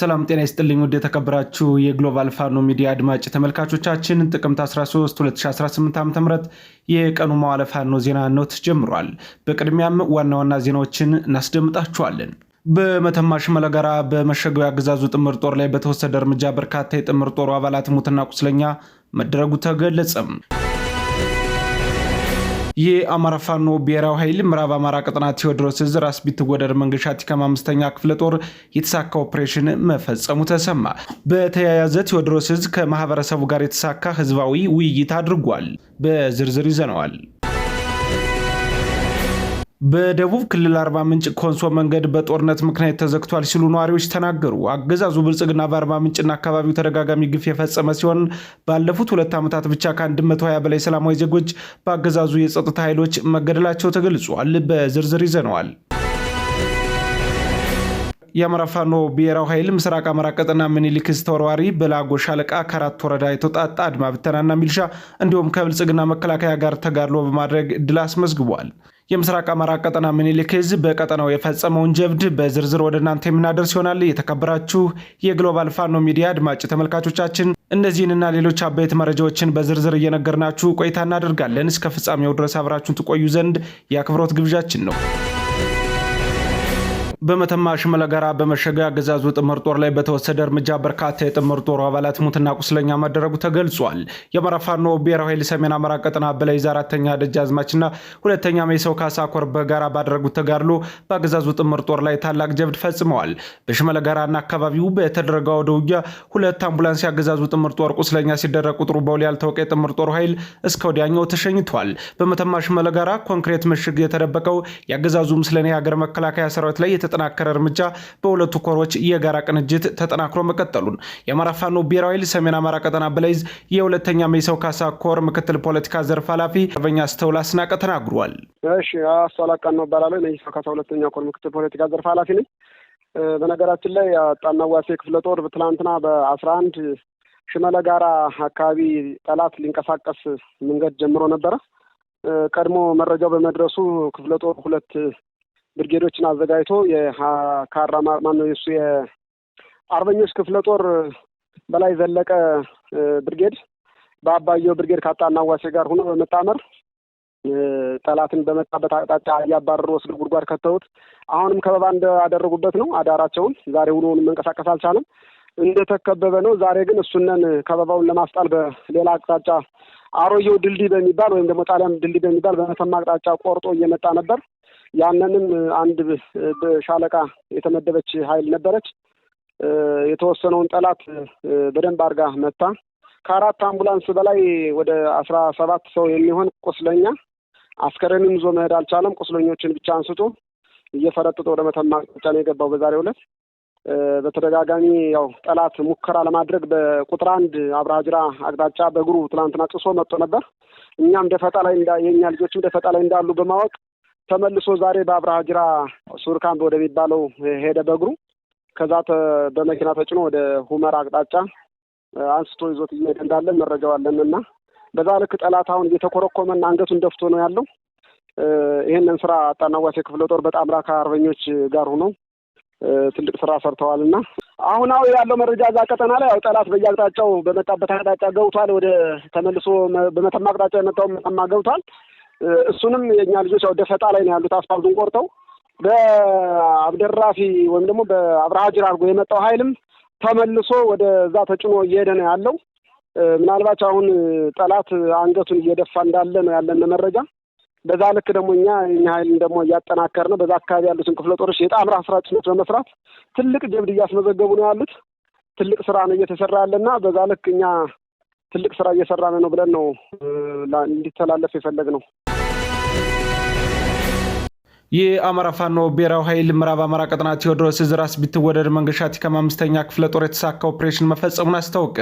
ሰላም ጤና ይስጥልኝ። ውድ የተከበራችሁ የግሎባል ፋኖ ሚዲያ አድማጭ ተመልካቾቻችን ጥቅምት 13 2018 ዓ.ም ም የቀኑ መዋለ ፋኖ ዜና ኖት ጀምሯል። በቅድሚያም ዋና ዋና ዜናዎችን እናስደምጣችኋለን። በመተማ ሽመለ ጋራ በመሸገው የአገዛዙ ጥምር ጦር ላይ በተወሰደ እርምጃ በርካታ የጥምር ጦሩ አባላት ሙትና ቁስለኛ መደረጉ ተገለጸም። የአማራ ፋኖ ብሔራዊ ኃይል ምዕራብ አማራ ቀጠና ቴዎድሮስ ዕዝ ራስ ቢትወደድ መንገሻ ቲከም አምስተኛ ክፍለ ጦር የተሳካ ኦፕሬሽን መፈጸሙ ተሰማ። በተያያዘ ቴዎድሮስ ዝ ከማህበረሰቡ ጋር የተሳካ ህዝባዊ ውይይት አድርጓል። በዝርዝር ይዘነዋል። በደቡብ ክልል አርባ ምንጭ ኮንሶ መንገድ በጦርነት ምክንያት ተዘግቷል ሲሉ ነዋሪዎች ተናገሩ። አገዛዙ ብልጽግና በአርባ ምንጭና አካባቢው ተደጋጋሚ ግፍ የፈጸመ ሲሆን ባለፉት ሁለት ዓመታት ብቻ ከ120 በላይ ሰላማዊ ዜጎች በአገዛዙ የጸጥታ ኃይሎች መገደላቸው ተገልጿል። በዝርዝር ይዘነዋል። የአማራ ፋኖ ብሔራዊ ኃይል ምስራቅ አማራ ቀጠና ምኒልክስ ተወርዋሪ በላጎ ሻለቃ ከአራት ወረዳ የተውጣጣ አድማ ብተናና ሚልሻ እንዲሁም ከብልጽግና መከላከያ ጋር ተጋድሎ በማድረግ ድል አስመዝግቧል። የምስራቅ አማራ ቀጠና ምኒልክ በቀጠናው የፈጸመውን ጀብድ በዝርዝር ወደ እናንተ የምናደርስ ይሆናል። የተከበራችሁ የግሎባል ፋኖ ሚዲያ አድማጭ ተመልካቾቻችን እነዚህንና ሌሎች አበይት መረጃዎችን በዝርዝር እየነገርናችሁ ቆይታ እናደርጋለን። እስከ ፍጻሜው ድረስ አብራችሁን ትቆዩ ዘንድ የአክብሮት ግብዣችን ነው። በመተማ ሽመለ ጋራ በመሸገ አገዛዙ ጥምር ጦር ላይ በተወሰደ እርምጃ በርካታ የጥምር ጦሩ አባላት ሙትና ቁስለኛ ማደረጉ ተገልጿል። የአማራ ፋኖ ብሔራዊ ኃይል ሰሜን አማራ ቀጠና በላይ ዕዝ አራተኛ ደጃዝማችና ሁለተኛ ሜሰው ካሳ ኮር በጋራ ባደረጉት ተጋድሎ በአገዛዙ ጥምር ጦር ላይ ታላቅ ጀብድ ፈጽመዋል። በሽመለ ጋራና አካባቢው በተደረገ አውደ ውጊያ ሁለት አምቡላንስ ያገዛዙ ጥምር ጦር ቁስለኛ ሲደረግ ቁጥሩ በውል ያልታወቀ የጥምር ጦሩ ኃይል እስከ ወዲያኛው ተሸኝቷል። በመተማ ሽመለ ጋራ ኮንክሬት ምሽግ የተደበቀው የአገዛዙ ምስለኔ የሀገር መከላከያ ሰራዊት ላይ የተጠናከረ እርምጃ በሁለቱ ኮሮች የጋራ ቅንጅት ተጠናክሮ መቀጠሉን የአማራ ፋኖ ብሔራዊ ኃይል ሰሜን አማራ ቀጠና በላይዝ የሁለተኛ ሜሰው ካሳ ኮር ምክትል ፖለቲካ ዘርፍ ኃላፊ አርበኛ አስተውል አስናቀ ተናግሯል። እሺ አስተላቀን ነው ባላለ ሜሰው ካሳ ሁለተኛ ኮር ምክትል ፖለቲካ ዘርፍ ኃላፊ ነኝ። በነገራችን ላይ ጣና ዋሴ ክፍለ ጦር ትላንትና በአስራ አንድ ሽመለ ጋራ አካባቢ ጠላት ሊንቀሳቀስ መንገድ ጀምሮ ነበረ። ቀድሞ መረጃው በመድረሱ ክፍለ ጦር ሁለት ብርጌዶችን አዘጋጅቶ የካራማር ነው የሱ የአርበኞች ክፍለ ጦር በላይ ዘለቀ ብርጌድ በአባየው ብርጌድ ካጣና ዋሴ ጋር ሆኖ በመጣመር ጠላትን በመጣበት አቅጣጫ እያባረሩ ወስዶ ጉድጓድ ከተውት። አሁንም ከበባ እንዳደረጉበት ነው አዳራቸውን። ዛሬ ውሎውን መንቀሳቀስ አልቻለም፣ እንደተከበበ ነው። ዛሬ ግን እሱነን ከበባውን ለማስጣል በሌላ አቅጣጫ አሮየው ድልድይ በሚባል ወይም ደግሞ ጣሊያን ድልድይ በሚባል በመተማ አቅጣጫ ቆርጦ እየመጣ ነበር። ያንንም አንድ በሻለቃ የተመደበች ኃይል ነበረች። የተወሰነውን ጠላት በደንብ አድርጋ መታ። ከአራት አምቡላንስ በላይ ወደ አስራ ሰባት ሰው የሚሆን ቁስለኛ አስከሬንም ይዞ መሄድ አልቻለም። ቁስለኞችን ብቻ አንስቶ እየፈረጥጦ ወደ መተማ አቅጣጫ ነው የገባው። በዛሬው ዕለት በተደጋጋሚ ያው ጠላት ሙከራ ለማድረግ በቁጥር አንድ አብርሃ አቅጣጫ በእግሩ ትናንትና ጥሶ መጥቶ ነበር። እኛም ደፈጣ ላይ የእኛ ልጆችም ደፈጣ ላይ እንዳሉ በማወቅ ተመልሶ ዛሬ በአብርሃ ጅራ ሱር ካምፕ ወደሚባለው ሄደ በእግሩ ከዛ በመኪና ተጭኖ ወደ ሁመራ አቅጣጫ አንስቶ ይዞት እየሄደ እንዳለ መረጃው እና በዛ ልክ ጠላት አሁን እየተኮረኮመና አንገቱን ደፍቶ ነው ያለው። ይህንን ስራ አጣናዋሴ ክፍለ ጦር ራካ አርበኞች ጋር ሆኖ ትልቅ ስራ ሰርተዋል እና አሁናዊ ያለው መረጃ እዛ ቀጠና ላይ ያው ጠላት በየአቅጣጫው በመጣበት አቅጣጫ ገብቷል። ወደ ተመልሶ በመተማ አቅጣጫ የመጣው መተማ ገብቷል። እሱንም የእኛ ልጆች ያው ደፈጣ ላይ ነው ያሉት አስፋልቱን ቆርጠው በአብደራፊ ወይም ደግሞ በአብርሃ ጅር አድርጎ የመጣው ኃይልም ተመልሶ ወደ ተጭኖ እየሄደ ነው ያለው። ምናልባት አሁን ጠላት አንገቱን እየደፋ እንዳለ ነው ያለን መረጃ። በዛ ልክ ደግሞ እኛ የኛ ሀይልን ደግሞ እያጠናከር ነው። በዛ አካባቢ ያሉትን ክፍለ ጦሮች የጣምራ ስራ ጭነት በመስራት ትልቅ ጀብድ እያስመዘገቡ ነው ያሉት። ትልቅ ስራ ነው እየተሰራ ያለና በዛ ልክ እኛ ትልቅ ስራ እየሰራ ነው ብለን ነው እንዲተላለፍ የፈለግ ነው። የአማራ ፋኖ ብሔራዊ ኃይል ምዕራብ አማራ ቀጠና ቴዎድሮስ ዕዝ ራስ ቢትወደድ መንገሻ ቲከማ አምስተኛ ክፍለ ጦር የተሳካ ኦፕሬሽን መፈጸሙን አስታወቀ።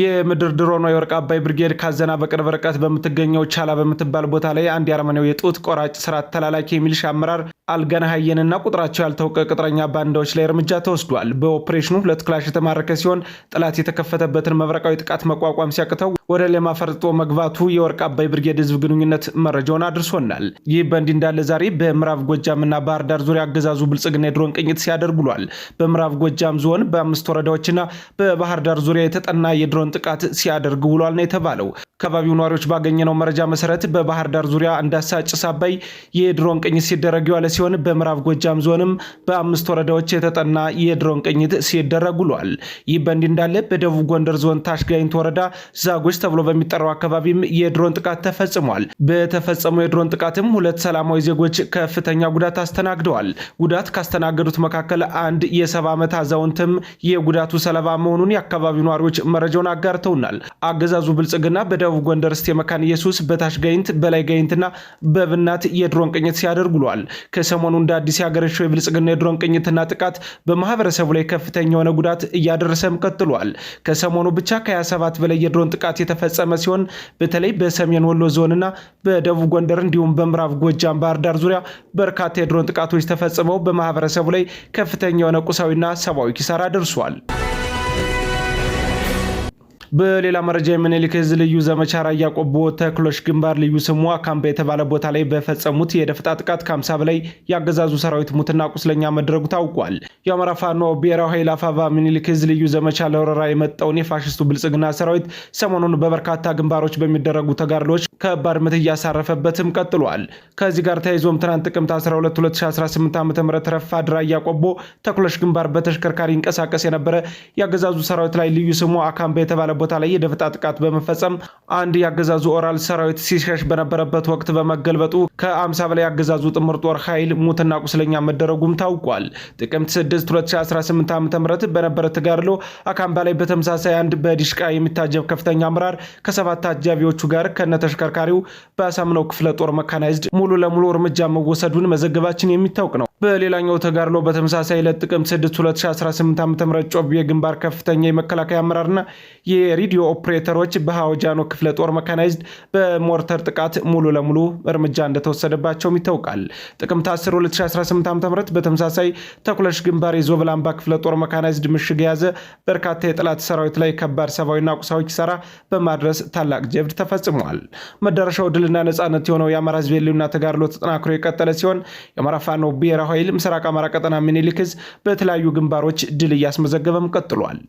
የምድር ድሮኗ የወርቅ አባይ ብርጌድ ካዘና በቅርብ ርቀት በምትገኘው ቻላ በምትባል ቦታ ላይ አንድ የአርመኔው የጡት ቆራጭ ስርዓት ተላላኪ የሚሊሻ አመራር አልገናሀየንና ቁጥራቸው ያልታወቀ ቅጥረኛ ባንዳዎች ላይ እርምጃ ተወስዷል። በኦፕሬሽኑ ሁለት ክላሽ የተማረከ ሲሆን ጠላት የተከፈተበትን መብረቃዊ ጥቃት መቋቋም ሲያቅተው ወደ ሌማ ፈርጥጦ መግባቱ የወርቅ አባይ ብርጌድ ህዝብ ግንኙነት መረጃውን አድርሶናል። ይህ በእንዲህ እንዳለ ዛሬ በምዕራብ ጎጃምና ባህር ዳር ዙሪያ አገዛዙ ብልጽግና የድሮን ቅኝት ሲያደርግ ውሏል። በምዕራብ ጎጃም ዞን በአምስት ወረዳዎችና በባህር ዳር ዙሪያ የተጠና የድሮን ጥቃት ሲያደርግ ውሏል ነው የተባለው። አካባቢው ነዋሪዎች ባገኘነው መረጃ መሰረት በባህር ዳር ዙሪያ አንዳሳ ጭስ አባይ የድሮን ቅኝት ሲደረግ የዋለ ሲሆን በምዕራብ ጎጃም ዞንም በአምስት ወረዳዎች የተጠና የድሮን ቅኝት ሲደረግ ውሏል። ይህ በእንዲህ እንዳለ በደቡብ ጎንደር ዞን ታሽጋይንት ወረዳ ዛጎች ተብሎ በሚጠራው አካባቢም የድሮን ጥቃት ተፈጽሟል። በተፈጸመው የድሮን ጥቃትም ሁለት ሰላማዊ ዜጎች ከፍተኛ ጉዳት አስተናግደዋል። ጉዳት ካስተናገዱት መካከል አንድ የሰባ ዓመት አዛውንትም የጉዳቱ ሰለባ መሆኑን የአካባቢው ነዋሪዎች መረጃውን አጋርተውናል። አገዛዙ ብልጽግና በደቡብ ጎንደር ስቴ መካነ ኢየሱስ፣ በታሽጋይንት፣ በላይ ጋይንትና በብናት የድሮን ቅኝት ሲያደርግ ውሏል። ከሰሞኑ እንደ አዲስ ያገረሸው የብልጽግና የድሮን ቅኝትና ጥቃት በማህበረሰቡ ላይ ከፍተኛ የሆነ ጉዳት እያደረሰም ቀጥሏል። ከሰሞኑ ብቻ ከ27 በላይ የድሮን ጥቃት የተፈጸመ ሲሆን በተለይ በሰሜን ወሎ ዞንና በደቡብ ጎንደር እንዲሁም በምዕራብ ጎጃም ባህር ዳር ዙሪያ በርካታ የድሮን ጥቃቶች ተፈጽመው በማህበረሰቡ ላይ ከፍተኛ የሆነ ቁሳዊና ሰብአዊ ኪሳራ ደርሷል። በሌላ መረጃ የምኒልክ ህዝ ልዩ ዘመቻ ራያ ቆቦ ተክሎች ግንባር ልዩ ስሙ አካምባ የተባለ ቦታ ላይ በፈጸሙት የደፈጣ ጥቃት ከሀምሳ በላይ የአገዛዙ ሰራዊት ሙትና ቁስለኛ መድረጉ ታውቋል። የአማራ ፋኖ ብሔራዊ ኃይል አፋባ ምኒልክ ዕዝ ልዩ ዘመቻ ለወረራ የመጣውን የፋሽስቱ ብልጽግና ሰራዊት ሰሞኑን በበርካታ ግንባሮች በሚደረጉ ተጋድሎች ከባድ ምት እያሳረፈበትም ቀጥሏል። ከዚህ ጋር ተያይዞም ትናንት ጥቅምት 12 2018 ዓ ም ረፋድ ራያ ቆቦ ተክሎች ግንባር በተሽከርካሪ ይንቀሳቀስ የነበረ የአገዛዙ ሰራዊት ላይ ልዩ ስሙ አካምባ የተባለ ቦታ ላይ የደፈጣ ጥቃት በመፈጸም አንድ የአገዛዙ ኦራል ሰራዊት ሲሸሽ በነበረበት ወቅት በመገልበጡ ከ50 በላይ የአገዛዙ ጥምር ጦር ኃይል ሙትና ቁስለኛ መደረጉም ታውቋል። ጥቅምት 6 2018 ዓ ም በነበረ ተጋድሎ አካምባ ላይ በተመሳሳይ አንድ በዲሽቃ የሚታጀብ ከፍተኛ አመራር ከሰባት አጃቢዎቹ ጋር ከነተሽከርካሪው በአሳምነው ክፍለ ጦር መካናይዝድ ሙሉ ለሙሉ እርምጃ መወሰዱን መዘገባችን የሚታወቅ ነው። በሌላኛው ተጋድሎ በተመሳሳይ ለጥቅምት 6 2018 ዓ ም ጮቤ ግንባር ከፍተኛ የመከላከያ አመራርና የሬዲዮ ኦፕሬተሮች በሃወጃኖ ክፍለ ጦር መካናይዝድ በሞርተር ጥቃት ሙሉ ለሙሉ እርምጃ እንደተወሰደባቸውም ይታወቃል። ጥቅምት 10 2018 ዓ ም በተመሳሳይ ተኩለሽ ግንባር የዞብል አምባ ክፍለ ጦር መካናይዝድ ምሽግ የያዘ በርካታ የጠላት ሰራዊት ላይ ከባድ ሰብአዊና ቁሳዊ ኪሳራ በማድረስ ታላቅ ጀብድ ተፈጽሟል። መዳረሻው ድልና ነጻነት የሆነው የአማራ ህዝብ ተጋርሎ ተጋድሎ ተጠናክሮ የቀጠለ ሲሆን የአማራ ፋኖ ብሔራዊ ኃይል ምስራቅ አማራ ቀጠና ምኒልክ በተለያዩ ግንባሮች ድል እያስመዘገበም ቀጥሏል።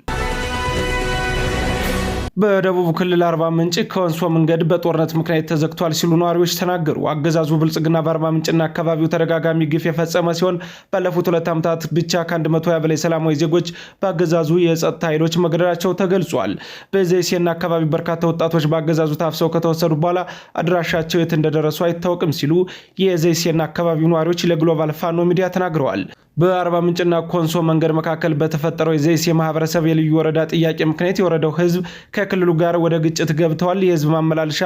በደቡብ ክልል አርባ ምንጭ ከወንሶ መንገድ በጦርነት ምክንያት ተዘግቷል ሲሉ ነዋሪዎች ተናገሩ። አገዛዙ ብልጽግና በአርባ ምንጭና አካባቢው ተደጋጋሚ ግፍ የፈጸመ ሲሆን ባለፉት ሁለት ዓመታት ብቻ ከ120 በላይ ሰላማዊ ዜጎች በአገዛዙ የጸጥታ ኃይሎች መገደላቸው ተገልጿል። በዘይሴና አካባቢ በርካታ ወጣቶች በአገዛዙ ታፍሰው ከተወሰዱ በኋላ አድራሻቸው የት እንደደረሱ አይታወቅም ሲሉ የዘይሴና አካባቢው ነዋሪዎች ለግሎባል ፋኖ ሚዲያ ተናግረዋል። በአርባ ምንጭና ኮንሶ መንገድ መካከል በተፈጠረው የዘይሴ ማህበረሰብ የልዩ ወረዳ ጥያቄ ምክንያት የወረደው ህዝብ ከክልሉ ጋር ወደ ግጭት ገብተዋል። የህዝብ ማመላለሻ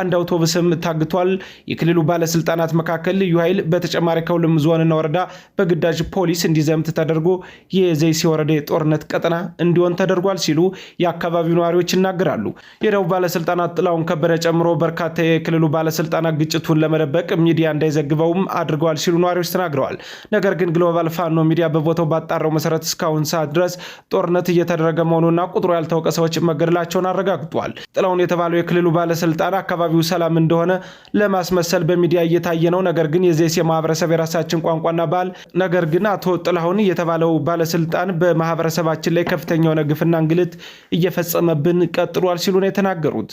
አንድ አውቶቡስም ታግቷል። የክልሉ ባለስልጣናት መካከል ልዩ ኃይል በተጨማሪ ከሁሉም ዞንና ወረዳ በግዳጅ ፖሊስ እንዲዘምት ተደርጎ የዘይሴ ወረዳ የጦርነት ቀጠና እንዲሆን ተደርጓል ሲሉ የአካባቢው ነዋሪዎች ይናገራሉ። የደቡብ ባለስልጣናት ጥላውን ከበደ ጨምሮ በርካታ የክልሉ ባለስልጣናት ግጭቱን ለመደበቅ ሚዲያ እንዳይዘግበውም አድርገዋል ሲሉ ነዋሪዎች ተናግረዋል። ነገር ግን ግሎባል ፋኖ ሚዲያ በቦታው ባጣራው መሰረት እስካሁን ሰዓት ድረስ ጦርነት እየተደረገ መሆኑና ቁጥሩ ያልታወቀ ሰዎች መገደላቸውን መሆኑን አረጋግጧል። ጥላውን የተባለው የክልሉ ባለስልጣን አካባቢው ሰላም እንደሆነ ለማስመሰል በሚዲያ እየታየ ነው። ነገር ግን የዜሴ ማህበረሰብ የራሳችን ቋንቋና ባህል፣ ነገር ግን አቶ ጥላሁን የተባለው ባለስልጣን በማህበረሰባችን ላይ ከፍተኛ የሆነ ግፍና እንግልት እየፈጸመብን ቀጥሏል ሲሉ ነው የተናገሩት።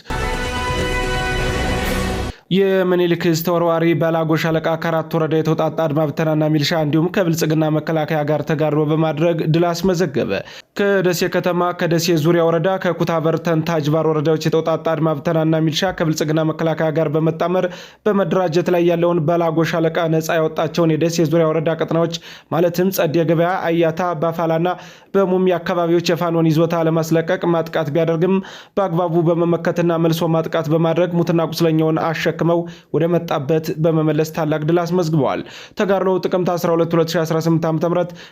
የምኒልክ ዕዝ ተወርዋሪ ባላጎ ሻለቃ ከአራት ወረዳ የተውጣጣ አድማ ብተናና ሚልሻ እንዲሁም ከብልጽግና መከላከያ ጋር ተጋድሎ በማድረግ ድል አስመዘገበ። ከደሴ ከተማ፣ ከደሴ ዙሪያ ወረዳ፣ ከኩታበር፣ ታጅባር ወረዳዎች የተውጣጣ አድማ ብተናና ሚልሻ ከብልጽግና መከላከያ ጋር በመጣመር በመደራጀት ላይ ያለውን ባላጎ ሻለቃ ነጻ ያወጣቸውን የደሴ ዙሪያ ወረዳ ቀጠናዎች ማለትም ጸድ የገበያ አያታ፣ በፋላና በሙሚ አካባቢዎች የፋኖን ይዞታ ለማስለቀቅ ማጥቃት ቢያደርግም በአግባቡ በመመከትና መልሶ ማጥቃት በማድረግ ሙትና ቁስለኛውን አሸ ተሸክመው ወደ መጣበት በመመለስ ታላቅ ድል አስመዝግበዋል። ተጋድሎው ጥቅምት 12 2018 ዓ ም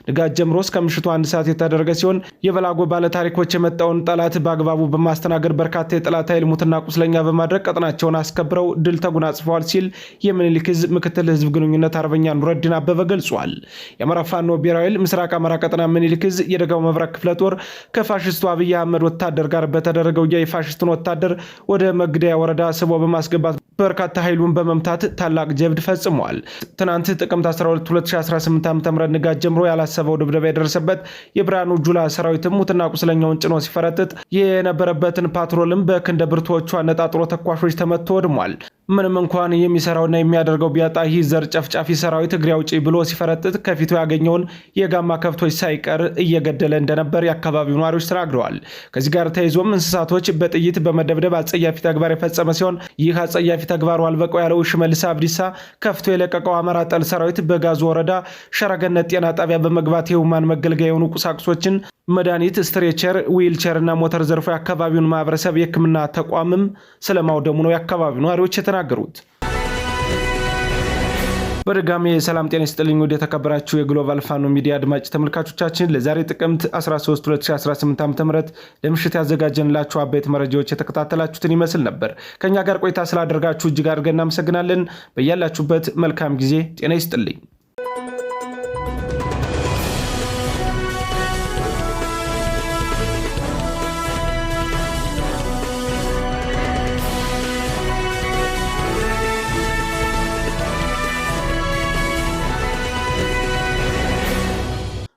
ንጋት ጀምሮ እስከ ምሽቱ አንድ ሰዓት የተደረገ ሲሆን የበላጎ ባለታሪኮች የመጣውን ጠላት በአግባቡ በማስተናገድ በርካታ የጠላት ኃይል ሙትና ቁስለኛ በማድረግ ቀጠናቸውን አስከብረው ድል ተጎናጽፈዋል ሲል የምኒልክ ዕዝ ምክትል ህዝብ ግንኙነት አርበኛ ኑረዲን አበበ ገልጿል። የአማራ ፋኖ ብሔራዊ ኃይል ምስራቅ አማራ ቀጠና ምኒልክ ዕዝ የደጋው መብረቅ ክፍለ ጦር ከፋሽስቱ አብይ አህመድ ወታደር ጋር በተደረገው የፋሽስቱን ወታደር ወደ መግደያ ወረዳ ስቦ በማስገባት በርካታ ኃይሉን በመምታት ታላቅ ጀብድ ፈጽሟል። ትናንት ጥቅምት 12 2018 ዓ ም ንጋት ጀምሮ ያላሰበው ድብደባ የደረሰበት የብርሃኑ ጁላ ሰራዊት ሙትና ቁስለኛውን ጭኖ ሲፈረጥጥ የነበረበትን ፓትሮልም በክንደ ብርቶቹ አነጣጥሮ ተኳሾች ተመቶ ወድሟል። ምንም እንኳን የሚሰራውና የሚያደርገው ቢያጣ ይህ ዘር ጨፍጫፊ ሰራዊት እግሬ አውጪ ብሎ ሲፈረጥጥ ከፊቱ ያገኘውን የጋማ ከብቶች ሳይቀር እየገደለ እንደነበር የአካባቢው ነዋሪዎች ተናግረዋል። ከዚህ ጋር ተይዞም እንስሳቶች በጥይት በመደብደብ አጸያፊ ተግባር የፈጸመ ሲሆን ይህ አጸያፊ ተግባሩ አልበቀው ያለው ሽመልስ አብዲሳ ከፍቶ የለቀቀው አማራ ጠል ሰራዊት በጋዙ ወረዳ ሸረገነት ጤና ጣቢያ በመግባት የሁማን መገልገያ የሆኑ ቁሳቁሶችን፣ መድኃኒት፣ ስትሬቸር፣ ዊልቸር እና ሞተር ዘርፎ የአካባቢውን ማህበረሰብ የህክምና ተቋምም ስለማውደሙ ነው የአካባቢው ነዋሪዎች የተናገሩት። በድጋሚ የሰላም ጤና ይስጥልኝ። ወደ የተከበራችሁ የግሎባል ፋኖ ሚዲያ አድማጭ ተመልካቾቻችን ለዛሬ ጥቅምት 13 2018 ዓ.ም ለምሽት ያዘጋጀንላችሁ አበይት መረጃዎች የተከታተላችሁትን ይመስል ነበር። ከእኛ ጋር ቆይታ ስላደርጋችሁ እጅግ አድርገን እናመሰግናለን። በያላችሁበት መልካም ጊዜ ጤና ይስጥልኝ።